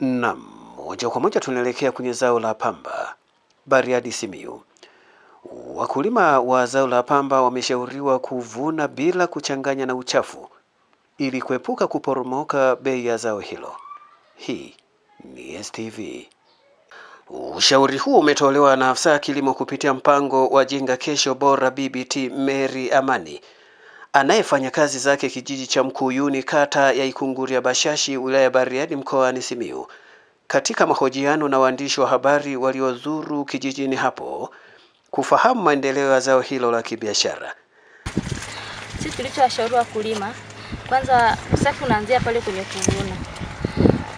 Na moja kwa moja tunaelekea kwenye zao la pamba Bariadi, Simiyu. Wakulima wa zao la pamba wameshauriwa kuvuna bila kuchanganya na uchafu ili kuepuka kuporomoka bei ya zao hilo. Hii ni STV. Ushauri huo umetolewa na afisa kilimo kupitia mpango wa Jenga Kesho Bora BBT Mary Amani anayefanya kazi zake kijiji cha Mkuyuni kata ya Ikunguri ya Bashashi wilaya ya Bariadi mkoani Simiyu. Katika mahojiano na waandishi wa habari waliozuru kijijini hapo kufahamu maendeleo ya zao hilo la kibiashara, sisi tulichowashauri wakulima, kwanza usafi unaanzia pale kwenye kuvuna,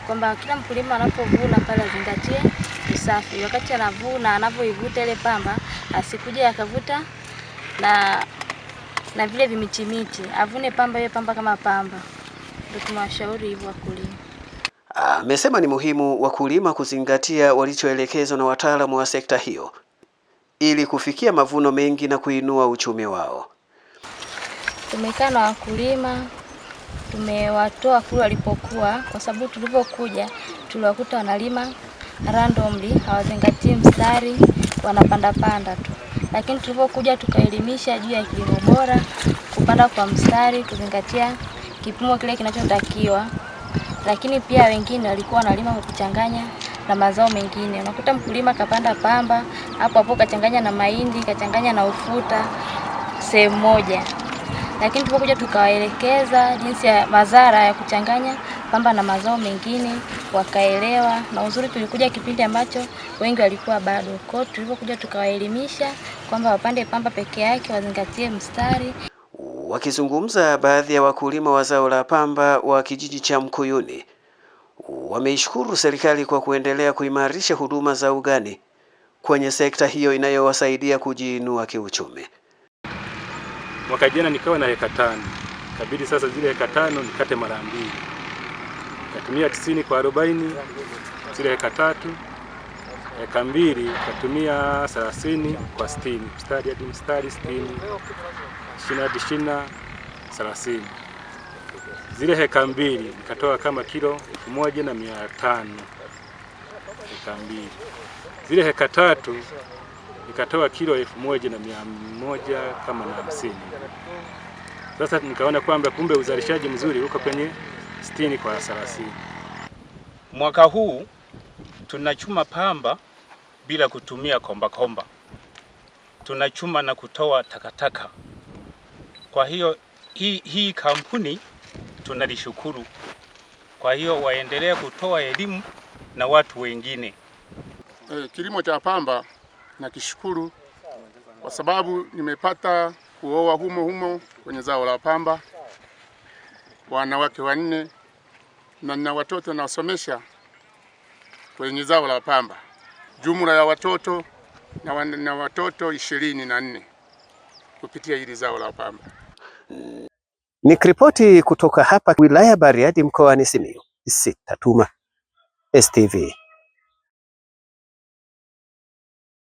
kwamba kila mkulima anapovuna pale azingatie usafi, wakati anavuna anavyoivuta ile pamba asikuje akavuta na na vile vimitimiti, avune pamba hiyo pamba kama pamba. Ndio tunawashauri hivyo wakulima. Amesema ah, ni muhimu wakulima kuzingatia walichoelekezwa na wataalamu wa sekta hiyo ili kufikia mavuno mengi na kuinua uchumi wao. Tumekaa na wakulima, tumewatoa kule walipokuwa, kwa sababu tulipokuja tuliwakuta wanalima randomly, hawazingatii mstari, wanapandapanda tu lakini tulipokuja tukaelimisha juu ya kilimo bora, kupanda kwa mstari, kuzingatia kipimo kile kinachotakiwa, lakini pia wengine walikuwa wanalima kwa kuchanganya na mazao mengine. Unakuta mkulima kapanda pamba, hapo hapo kachanganya na mahindi, kachanganya na ufuta sehemu moja, lakini tulipokuja tukawaelekeza jinsi ya madhara ya kuchanganya pamba na mazao mengine wakaelewa, na uzuri tulikuja kipindi ambacho wengi walikuwa bado. Kwa tulipokuja tukawaelimisha kwamba wapande pamba peke yake, wazingatie mstari. Wakizungumza baadhi ya wakulima wa zao la pamba wa kijiji cha Mkuyuni wameishukuru serikali kwa kuendelea kuimarisha huduma za ugani kwenye sekta hiyo inayowasaidia kujiinua kiuchumi. Mwaka jana nikawa na heka tano, kabidi sasa zile heka tano nikate mara mbili katumia tisini kwa arobaini zile heka tatu heka mbili katumia thelathini kwa sitini mstari hadi mstari sitini shina hadi shina thelathini zile heka mbili nikatoa kama kilo elfu moja na mia tano heka mbili zile heka tatu nikatoa kilo elfu moja na mia moja kama na hamsini. Sasa nikaona kwamba kumbe uzalishaji mzuri uko kwenye 60 kwa 30. Mwaka huu tunachuma pamba bila kutumia komba komba. Tunachuma na kutoa takataka. Kwa hiyo hii, hii kampuni tunalishukuru. Kwa hiyo waendelee kutoa elimu na watu wengine. E, kilimo cha pamba na kishukuru kwa sababu nimepata kuoa humo humo kwenye zao la pamba wanawake wanne na nina watoto nawasomesha kwenye zao la pamba. Jumla ya watoto na, na watoto ishirini na nne kupitia hili zao la pamba. Nikiripoti kutoka hapa wilaya Bariadi mkoani Simiyu, Sitatuma, STV.